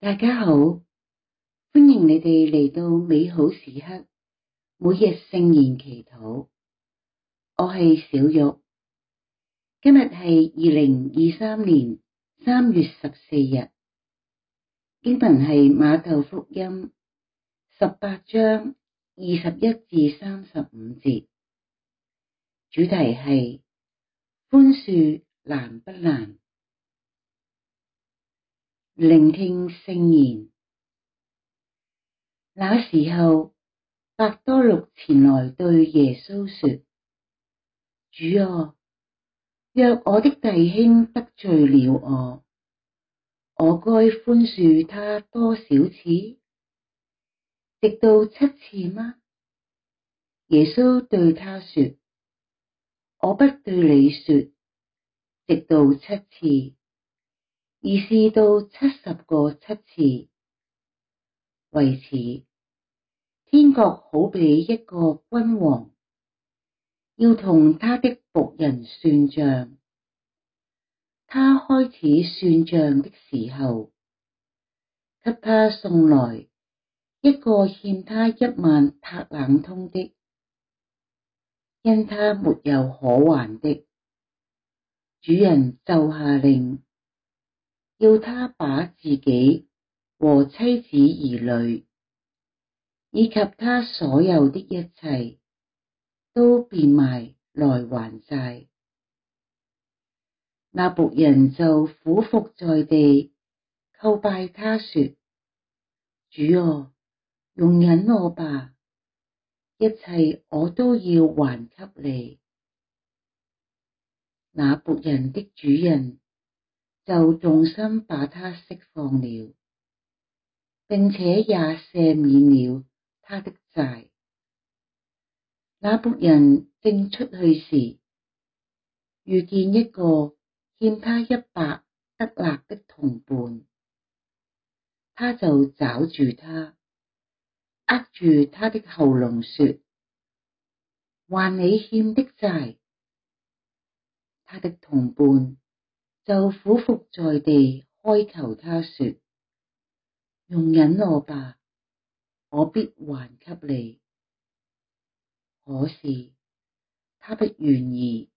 大家好，歡迎你哋嚟到美好時刻，每日聖言祈禱。我係小玉，今日係二零二三年三月十四日，經文係馬竇福音十八章二十一至三十五節，主題係寬恕難不難？聆聽聖言。那時候，伯多祿前來對耶穌說：「主啊，若我的弟兄得罪了我，我該寬恕他多少次？直到七次嗎？耶穌對他說：「我不對你說，直到七次。而是到七十個七次，為此天國好比一個君王，要同他的僕人算賬。他開始算賬的時候，給他送來一個欠他一萬塔冷通的，因他沒有可還的，主人就下令。要他把自己和妻子兒女，以及他所有的一切，都變賣來還債。那僕人就俯伏在地叩拜他說：主啊，容忍我吧，一切我都要還給你。」那僕人的主人。就動心把他釋放了，並且也赦免了他的債。那僕人正出去時，遇見一個欠他一百德納的同伴，他就抓住他，扼住他的喉嚨說，還你欠的債。他的同伴。就俯伏在地，哀求他說：容忍我吧，我必還給你。可是他不願意，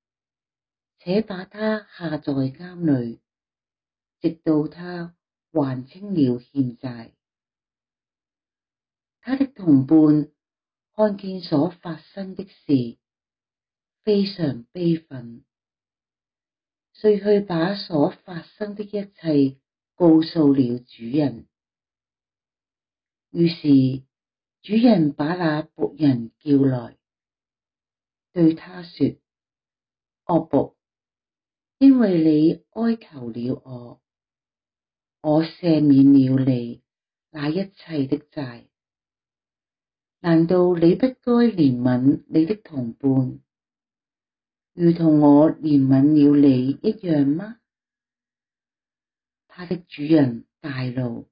且把他下在監裏，直到他還清了欠債。他的同伴看見所發生的事，非常悲憤。遂去把所發生的一切告訴了主人，於是主人把那僕人叫來，對他說：惡僕，因為你哀求了我，我赦免了你那一切的債，難道你不該憐憫你的同伴？如同我憐憫了你一樣嗎？他的主人大怒，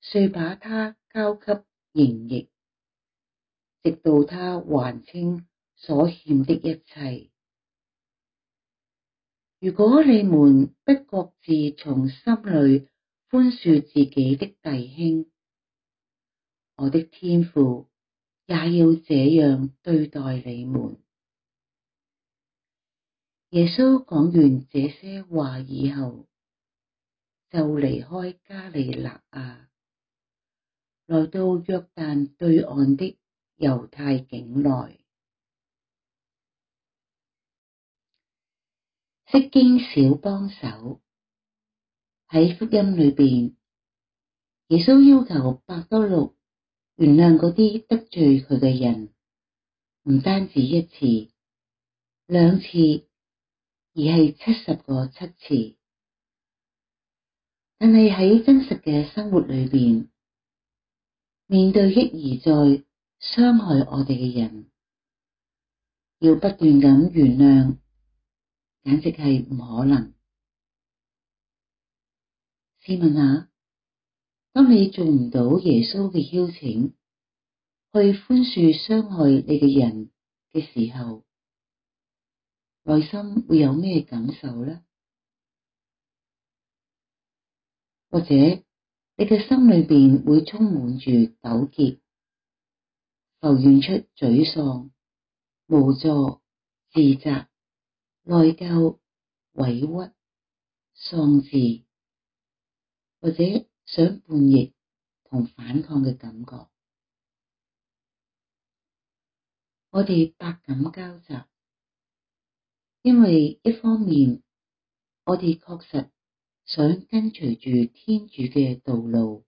遂把他交給刑役，直到他還清所欠的一切。如果你們不各自從心裏寬恕自己的弟兄，我的天父也要這樣對待你們。耶穌講完這些話以後，就離開加里肋亞，來到約但對岸的猶太境內。釋經小幫手，喺福音裏邊，耶穌要求伯多祿原諒嗰啲得罪佢嘅人，唔單止一次，兩次，而係七十個七次，但係喺真實嘅生活裏邊，面對一而再傷害我哋嘅人，要不斷咁原諒，簡直係唔可能。試問下，當你做唔到耶穌嘅邀請，去寬恕傷害你嘅人嘅時候，內心會有咩感受呢？或者你嘅心裏邊會充滿住糾結、浮現出沮喪、無助、自責、內疚、委屈、喪志，或者想叛逆同反抗嘅感覺。我哋百感交集。因為一方面，我哋確實想跟隨住天主嘅道路，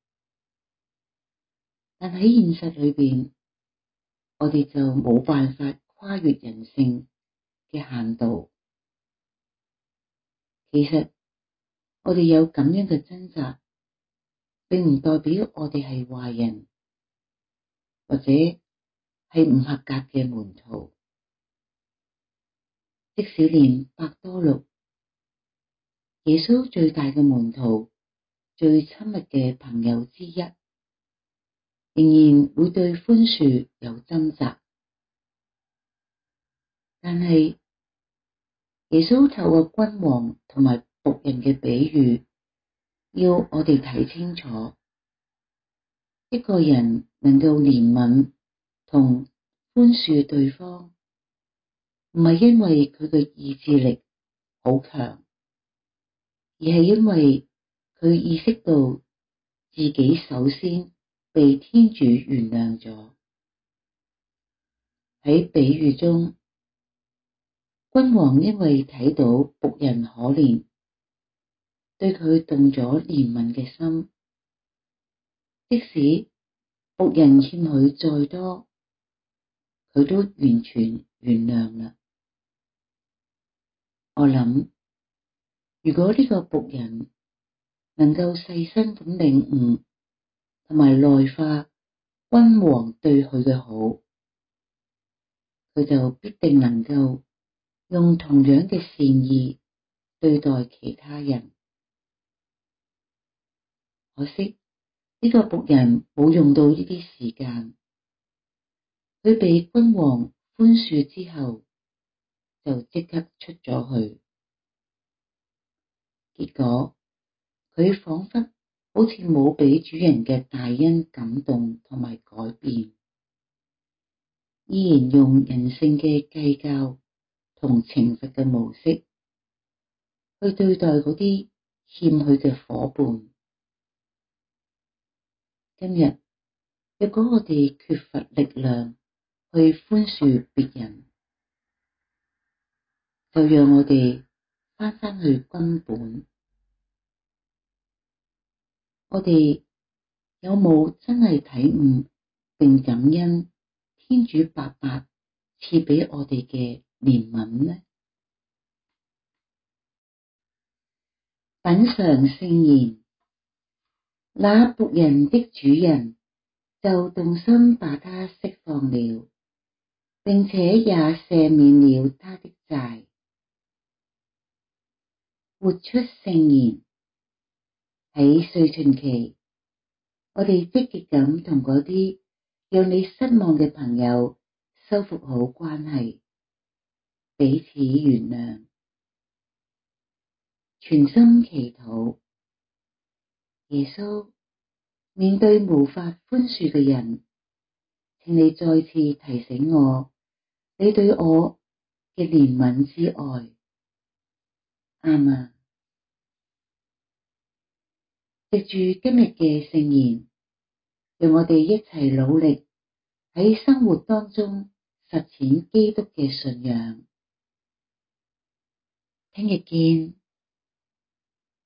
但喺現實裏邊，我哋就冇辦法跨越人性嘅限度。其實我哋有咁樣嘅掙扎，並唔代表我哋係壞人，或者係唔合格嘅門徒。即使連伯多祿，耶穌最大嘅門徒、最親密嘅朋友之一，仍然會對寬恕有掙扎。但係耶穌透過君王同埋僕人嘅比喻，要我哋睇清楚，一個人能夠憐憫同寬恕對方。唔係因為佢嘅意志力好強，而係因為佢意識到自己首先被天主原諒咗。喺比喻中，君王因為睇到僕人可憐，對佢動咗憐憫嘅心，即使僕人欠佢再多，佢都完全原諒啦。我諗，如果呢個僕人能夠細心咁領悟同埋內化君王對佢嘅好，佢就必定能夠用同樣嘅善意對待其他人。可惜呢個僕人冇用到呢啲時間，佢被君王寬恕之後，就即刻出咗去，結果佢仿佛好似冇俾主人嘅大恩感動同埋改變，依然用人性嘅計較同懲罰嘅模式去對待嗰啲欠佢嘅伙伴。今日若果我哋缺乏力量去寬恕別人。就讓我哋翻返去根本，我哋有冇真係體悟並感恩天主白白賜畀我哋嘅憐憫呢？品嚐聖言，那僕人的主人就動心把他釋放了，並且也赦免了他的債。活出聖言，喺四旬期，我哋積極咁同嗰啲讓你失望嘅朋友修復好關係，彼此原諒，全心祈禱。耶穌面對無法寬恕嘅人，請你再次提醒我，你對我嘅憐憫之愛，阿們。記住今日嘅聖言，讓我哋一齊努力喺生活當中實踐基督嘅信仰。聽日見。